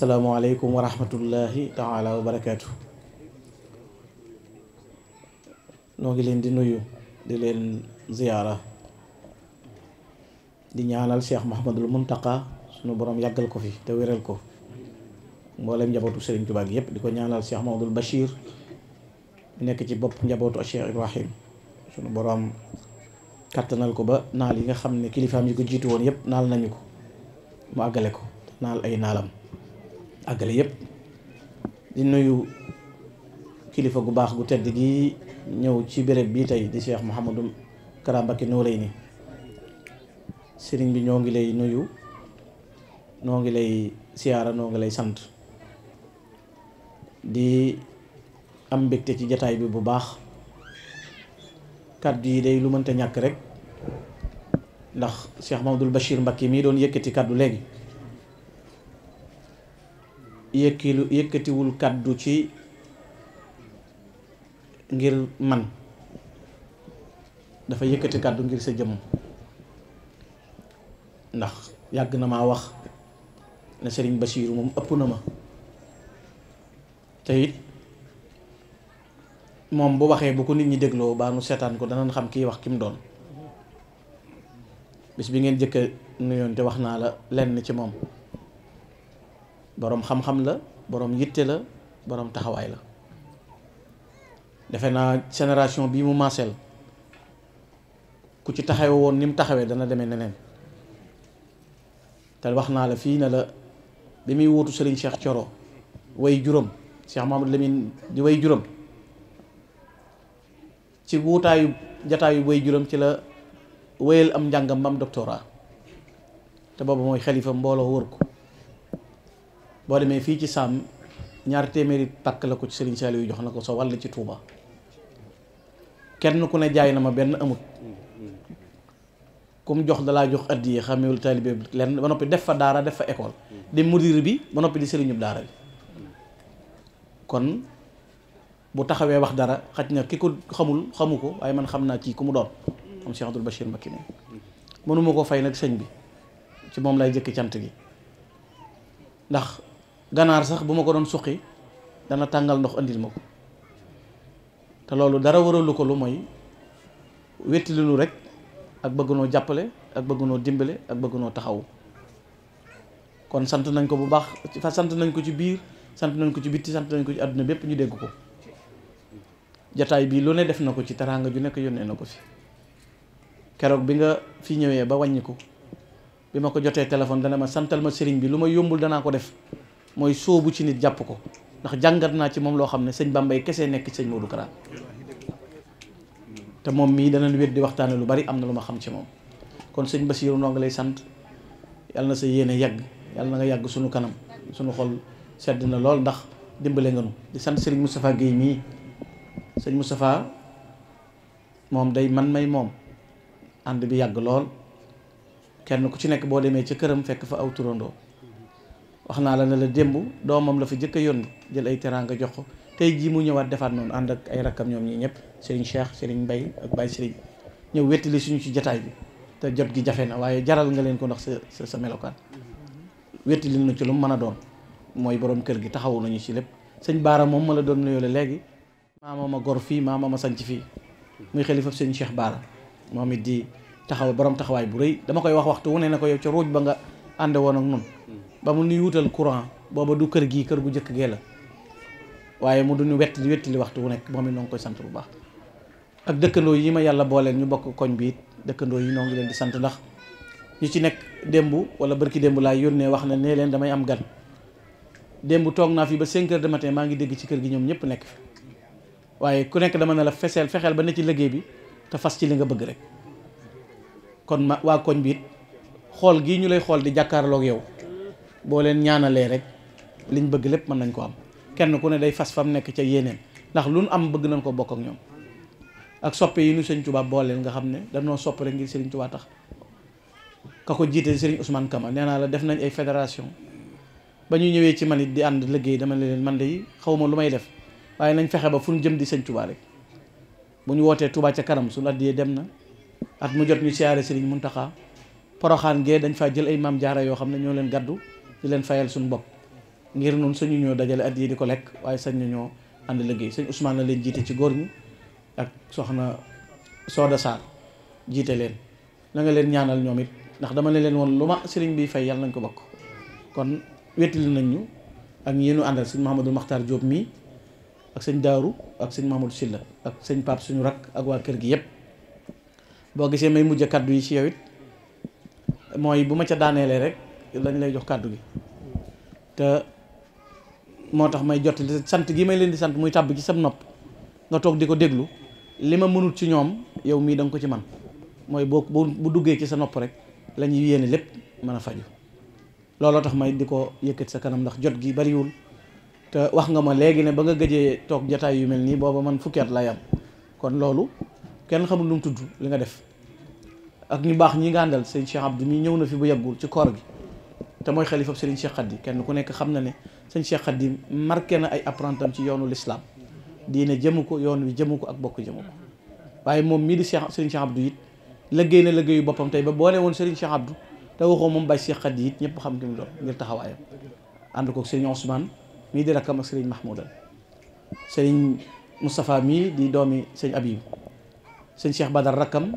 asalaamaaleykum wa rahmatullahi taala wa barakaatu noo ngi leen di nuyu di leen ziyaara di ñaanal Cheikh Mouhamadul Muntaqa sunu boroom yàggal ko fi te wéral ko mboolem njabootu Serigne Touba gi yëpp di ko ñaanal Cheikh Mouhamadul Bachir nekk ci bopp njabootu Cheikh Ibrahim sunu borom kattanal ko ba naal yi nga xam ne kilifaam yi ko jiitu woon yépp naal nañu ko mu àggale ko naal ay naalam. àggale yëpp di nuyu kilifa gu baax gu tedd gi ñëw ci béréb bii tey di Cheikh Mouhamadou Kara Mbacké Noreyni sëriñ bi ñoo ngi lay nuyu noo ngi lay siyaara noo ngi lay sant di am mbégte ci jataay bi bu baax kàddu yi day lu mënta ñàkk rek ndax Cheikh Mamadou Bachir Mbacké mii doon yëkkati kàddu léegi yëkkilu yëkkatiwul kàddu ci ngir man dafa yëkkati kàddu ngir sa jëmm ndax yàgg na maa wax ne Sëriñ Basiiru moom ëpp na ma te it moom bu waxee bu ko nit ñi dégloo baa nu seetaan ko danañ xam kii wax ki mu doon bis bi ngeen jëkka nuyoon te wax naa la lenn ci moom boroom xam-xam la boroom yitte la boroom taxawaay la defe naa génération bii mu maaseel ku ci taxawe woon ni mu taxawee dana demee neneen te wax naa la fii ne la bi muy wuutu Serigne Cheikh coro way juróom Cheikh Mamadou Lamine di way juróom ci wuutaayu jataayu way juróom ci la wéyal am njàngam ba am te boobu mooy xalifa mbooloo wër ko boo demee fii ci sàmm ñaar téeméeri pàkk la ko ci Serigne yu jox na ko sa wàll ci Touba kenn ku ne jaay na ma benn amut kum jox dalaa jox addiye xamewul taalibe bi lenn ba noppi def fa daara def fa école di bi ba noppi di sëriñub daara bi kon bu taxawee wax dara xaj na ki ko xamul xamu ko waaye man xam naa kii ku mu doon am Cheikh Abdoul Bachir Mbacké moom mënuma ko fay nag sëñ bi ci moom lay jëkki cant gi ndax ganaar sax bu ma ko doon suqi dana tàngal ndox andil ma ko te loolu dara waralu ko lu mooy wetti lu rek ak bëgg noo jàppale ak bëgg noo dimbale ak bëgg noo taxawu kon sant nañ ko bu baax sant nañ ko ci biir sant nañ ko ci bitti sant nañ ko ci àdduna bépp ñu dégg ko jataay bii lu ne def na ko ci teraanga ju nekk yónnee na ko fi keroog bi nga fi ñëwee ba wàññi ko bi ma ko jotee téléphone dana ma santal ma sëriñ bi lu ma yombul danaa ko def mooy sóobu ci nit jàpp ko ndax jàngat naa ci moom loo xam ne sëñ Bambay kese nekk ci sëñ Modou Kara te moom mii dana danañ wér di waxtaane lu bari am na lu ma xam ci moom kon sëñ Basiiru noo ngi lay sant yàlla na sa yéene yàgg yàlla na nga yàgg suñu kanam suñu xol sedd na lool ndax dimbale nga nu di sant sëñ Moustapha Guèye mii sëñ Moustapha moom day man may moom ànd bi yàgg lool kenn ku ci nekk boo demee ca këram fekk fa aw turandoo wax naa la ne la démb doomam la fa jëkk a yónni jël ay teraanga jox ko tey jii mu ñëwaat defaat noonu ànd ak ay rakkam ñoom ñi ñëpp Serigne Cheikh Serigne Mbaye ak Baye Serigne ñëw wettali suñu ci jataay bi te jot gi jafe na waaye jaral nga leen ko ndax sa sa melokaan wettali na ci lu mu mën a doon mooy boroom kër gi taxawu nañu ci lépp sëñ Baara moom ma doon nuyoole léegi maama ma gor fii maama ma sanc fii muy xelifab sëñ Cheikh Baara moom it di taxaw borom taxawaay bu rëy dama koy wax waxtu wu ne na ko yow ca ruuj ba nga ànde woon ak nun ba mu nuy wutal courant booba du kër gii kër gu njëkk gee la waaye mu du duñu wett wettili waxtu wu nekk moom it noo ngi koy sant bu baax ak dëkkandoo yi ma yàlla booleel ñu bokk koñ bi it dëkkandoo yi noo leen di sant ndax ñu ci nekk démb wala bërki démb laay yónnee wax na nee leen damay am gan démb toog naa fi ba 5 heures de maa ngi dégg ci kër gi ñoom ñëpp nekk fi waaye ku nekk dama ne la feseel fexeel ba ne ci liggéey bi te fas ci li nga bëgg rek kon ma waa koñ bi xool gii ñu lay xool di jàkkaarloog yow boo leen ñaanalee rek liñ bëgg lépp mën nañ ko am kenn ku ne day fas fa mu nekk ca yéeneen ndax lu nu am bëgg nañ ko bokk ak ñoom ak soppe yi nu sëñ Tuubaa boo leen nga xam ne danoo sopp rek ngir sëriñ tax ka ko jiite sëriñ Ousmane Kama nee naa la def nañ ay fédération ba ñu ñëwee ci man it di ànd liggéey dama leen man de xaw ma lu may def waaye nañ fexe ba fu ñu jëm di sëñ Tuubaa rek bu ñu wootee tubaa ca kanam su suñu addiyee dem na at mu jot ñu siyaare mun Muntaxa Poroxaan gee dañ faa jël ay maam jaara yoo xam ne ñoo leen gàddu di leen fayal suñu bopp ngir noonu sañu ñoo dajale at yi di ko lekk waaye sañ na ñoo ànd liggéey sëñ usmaan la leen jiite ci góor ñi ak soxna Soda Sarr jiite leen la leen ñaanal ñoom it ndax dama ne leen woon lu ma sëriñ bi fay yàlla nañ ko bokk kon wettali nañ ñu ak yéenu àndal sëñ Mahamadou Makhtar Diop mii ak sëñ Daaru ak sëñ Mahamadou Silla ak sëñ Pape suñu rakk ak waa kër gi yëpp boo gisee may mujj kaddu yi ci yow it mooy bu ma ca daaneelee rek lañ lay jox kàddu gi te moo tax may jot sant gi may leen di sant muy tàbb ci sam nopp nga toog di ko déglu li ma mënut ci ñoom yow mii da nga ko ci man mooy boo bu duggee ci sa nopp rek lañuy ñuy yéene lépp man a faju looloo tax may di ko yëkkati sa kanam ndax jot gi bariwul te wax nga ma léegi ne ba nga gëjee toog jataay yu mel nii booba man fukki at lay am kon loolu kenn xamul lu mu tudd li nga def ak ñu baax ñi nga àndal sëñ Cheikh Abdou ñëw na fi bu yàggul ci koor gi te mooy xalifab Serigne Cheikh di kenn ku nekk xam na ne sëñ Cheikh di marqué na ay apprentam ci yoonu lislaam dii ne jëmu ko yoon wi jëmu ko ak bokk jëmu ko waaye moom mii di Cheikh Serigne Cheikh Abdou it liggéey na liggéeyu boppam tey ba boo ne woon Serigne Cheikh Abdou te waxoo moom Baye Cheikh Khady it ñëpp xam ki mu doon ngir taxawaayam ànd koog Serigne Ousmane mii di rakkam ak Serigne Mahmoudan Serigne Moustapha mii di doomi sëñ Abib sëñ Cheikh Badar rakkam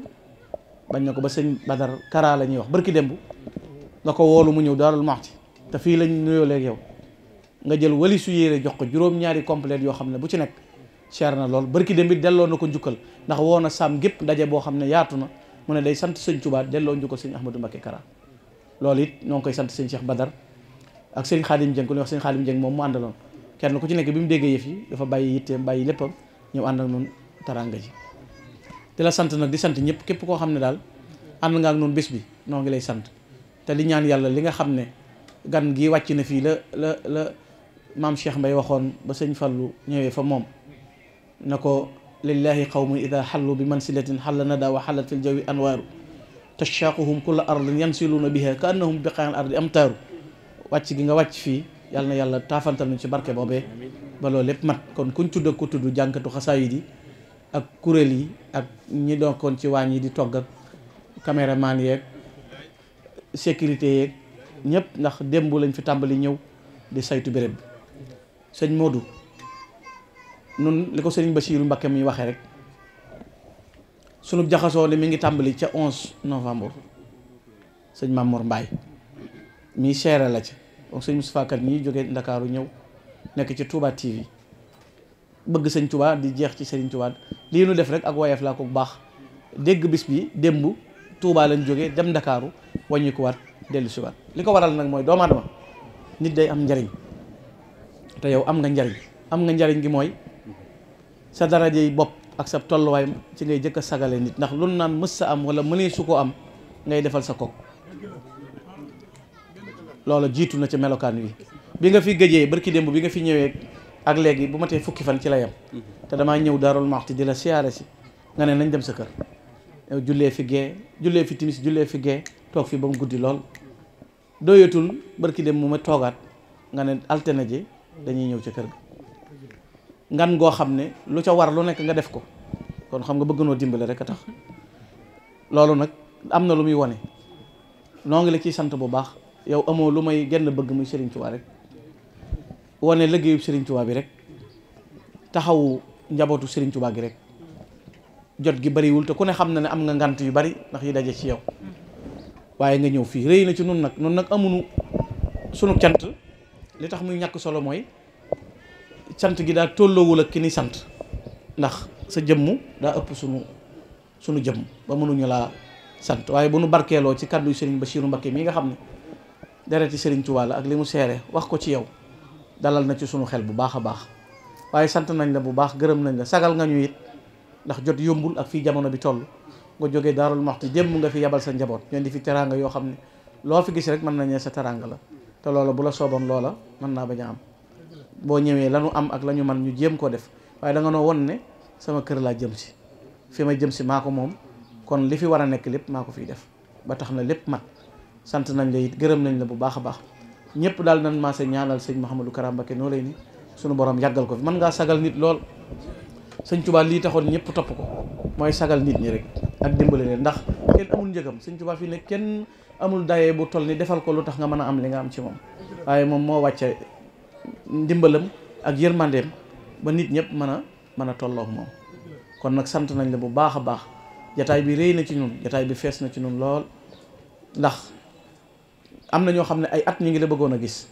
bañ na ko ba sëñ Badar Kara la ñuy wax barki démb nga ko woolu mu ñëw daarul maxti te fii lañ nuyoo léegi yow nga jël wali su yére jox ko juróom-ñaari complète yoo xam ne bu ci nekk cher na lool barki dem bi delloo na ko njukkal ndax woo na saam gépp ndaje boo xam ne yaatu na mu ne day sant sëñ Tuubaa delloo njukkal sëñ Ahmadou Mbacké Kara loolu it ñoo ngi koy sant sëñ Cheikh Badar ak sëñ Xaadim Jeng ku ñuy wax sëñ Xaadim Jeng moom mu àndaloon kenn ku ci nekk bi mu déggee yëf yi dafa bàyyi yitteem bàyyi léppam ñëw ànd ak noonu taranga ji di la sant nag di sant ñëpp képp koo xam ne daal ànd nga noonu bés bi ngi lay sant te li ñaan yàlla li nga xam ne gan gi wàcc na fii la la la maam Cheikh Mbay waxoon ba sëñ Fallu ñëwee fa moom na ko xaw qawmun ida xallu bi man si mansilatin xalla nada wa xallatil jawi anwaaru tashaaquhum kulla ardin yansiluuna biha ka annahum yi am amtaaru wàcc gi nga wàcc fii yàlla na yàlla taafantal nañ ci barke boobee ba lépp mat kon kuñ tudd ak ku tudd jànkatu xasaayid yi ak kuréel yi ak ñi dokkoon ci waañ yi di togg ak caméraman yeeg sécurité yeeg ñëpp ndax démb lañ fi tàmbali ñëw di saytu béréb bi sëñ moodu nun li ko sëriñ siiru Mbacké mi waxee rek sunu jaxasoo ne mi ngi tàmbali ca 11 novembre sëñ Mamour Mbaye mi seere la ci donc sëñ Moustapha Kane ñi Ndakaaru ñëw nekk ci Touba TV bëgg sëñ Touba di jeex ci sëriñ Touba lii nu def rek ak woyeef laa ko bu baax dégg bis bi démb tuubaa lañ jóge dem Ndakaaru wàññi ko waat dellu si waat li ko waral nag mooy doomu aadama nit day am njariñ te yow am nga njariñ am nga njariñ gi mooy sa darajey bopp ak sa tolluwaay ci ngay jëkk a sagale nit ndax lu naan mës sa am wala mënee su ko am ngay defal sa kooku loolu jiitu na ci melokaan wi bi nga fi gëjee barki démb bi nga fi ñëwee ak léegi bu ma tee fukki fan ci la yem te damaa ñëw daarul maxti di la siyaare si nga ne nañ dem sa kër jullee fi gee jullee fi timis jullee fi gee toog fii ba mu guddi lool doyatul barki dem mu ma toogaat nga ne altine ji dañuy ñëw ca kër ga ngan goo xam ne lu ca war lu nekk nga def ko kon xam nga bëgg noo dimbale rek a tax loolu nag am na lu muy wane noo ngi la ciy sant bu baax yow amoo lu may genn bëgg muy Serigne Touba rek wane liggéeyub Serigne Touba bi rek taxawu njabootu Serigne Touba gi rek jot gi bariwul te ku ne xam na ne am nga ngant yu bari ndax yi daje ci yow waaye nga ñëw fii rëy na ci noonu nag noonu nag amunu sunu cant li tax muy ñàkk solo mooy cant gi daal tolloowul ak ki ni sant ndax sa jëmm daa ëpp sunu sunu jëmm ba mënuñu laa sant waaye bu nu barkeeloo ci kàddu Serigne Bassirou Mbacké mii nga xam ne dereti Serigne Touba la ak li mu seere wax ko ci yow dalal na ci sunu xel bu baax a baax waaye sant nañ la bu baax gërëm nañ sagal nga ñu it ndax jot yombul ak fii jamono bi toll nga jógee daarul maxti jëmm nga fi yabal sa njaboot ñoo di fi teraanga yoo xam ne loo fi gis rek mën nañu sa teraanga la te loola bu la sooboon loola mën naa bañ a am boo ñëwee la ñu am ak la ñu man ñu jéem koo def waaye da nga noo won ne sama kër laa jëm si fi may jëm si maa ko moom kon li fi war a nekk lépp maa ko fiy def ba tax na lépp mat sant nañ la yit gërëm nañ la bu baax a baax ñëpp daal nan maa maase ñaanal sëñ Mouhamadou Kara Mbacké noo lay ni sunu borom yàggal ko fi mën ngaa sagal nit lool sëñ Tuubaa lii taxoon ñëpp topp ko mooy sagal nit ñi rek ak dimbale leen ndax kenn amul njëgam sëñ Tuubaa fii ne kenn amul dayee bu toll ni defal ko lu tax nga mën a am li nga am ci moom waaye moom moo wàcce ndimbalam ak yërmandeem ba nit ñëpp mën a mën a tolloog kon nag sant nañ la bu baax a baax jataay bi rëy na ci ñun jataay bi fees na ci ñun lool ndax am na ñoo xam ne ay at ñi ngi la bëggoon a gis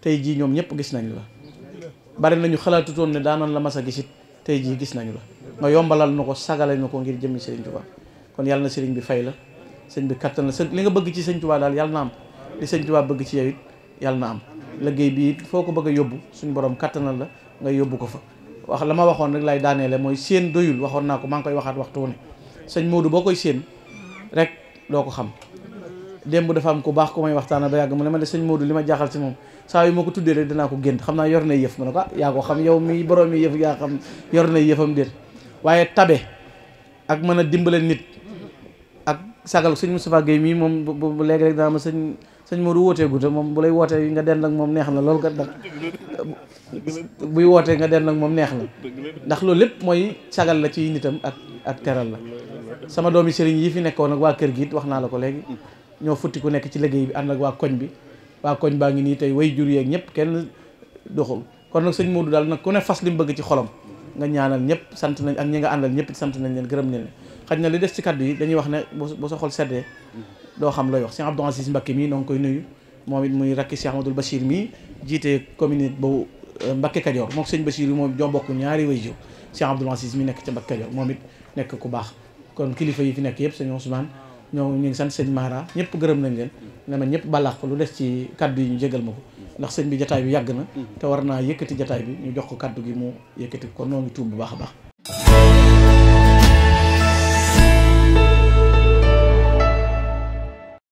tey jii ñoom ñëpp gis nañ la bari nañu xalaatutoon ne daanoon la mas a gisit tey jii gis nañu la nga yombalal nu ko sagale nu ko ngir jëmmi Serigne Touba kon yàlla na Serigne bi fay la sëñ bi kattan la li nga bëgg ci Serigne Touba daal yàlla na am li Serigne Touba bëgg ci yow yàlla na am liggéey bi foo ko bëgg a yóbbu suñu borom kattanal la nga yóbbu ko fa wax la ma waxoon rek laay daaneele mooy séen doyul waxoon naa ko maa ngi koy waxaat waxtu ne sëñ Modou boo koy séen rek doo ko xam démb dafa am ko baax ko may waxtaana ba yàgg mu ne ma ne sëñ Modou li ma jaaxal ci moom saa yu ma ko tuddee rek dinaa ko gént xam naa yor na yëf ma ah, yaa ko xam yow mi borom mi yëf yaa yor na yëfam déet waaye tabe ak mën a dimbale nit ak sagal sëñ Moustapha Guèye mii moom bu léegi rek dana ma sëñ sëñ Modou wootee guta moom bu lay wootee nga den ak moom neex na loolu kat wootee nga den ak moom neex na ndax loolu lépp mooy sagal la ci nitam ak ak teral la sama doomi sëriñ yi fi nekkoon ak waa kër gi it wax naa la ko léegi ñoo futti ku nekk ci liggéey bi ànd ak waa koñ bi waa koñ baa ngi nii tey way jur yeeg ñëpp kenn doxul kon nag sëñ Modou daal nag ku ne fas li bëgg ci xolom nga ñaanal ñëpp sant nañ ak ñi nga àndal ñëpp sant nañ leen gërëm nañ leen xaj na li def ci kaddu yi dañuy wax ne bu sa xol seddee doo xam looy wax Cheikh Abdou Aziz Mbacké mii ngi koy nuyu moom it muy rakki Cheikh Amadou Bachir mii jiite commune bu euh, Mbacké Kajoor moom sëñ Bachir yi moom ñoo bokk ñaari way jur Cheikh Abdou Aziz mi nekk ca Mbacké Kajoor moom it nekk ku baax kon kilifa yi fi nekk yëpp sëñ Ousmane ñoo ñu ngi sant sëñ Mara ñëpp gërëm nañ leen ne ma ñëpp balaax ko lu des ci kàddu yi ñu jégal ma ko ndax sëñ bi jataay bi yàgg na te war naa yëkkati jataay bi ñu jox ko kàddu gi mu yëkkati ko noonu ngi tuub bu baax a baax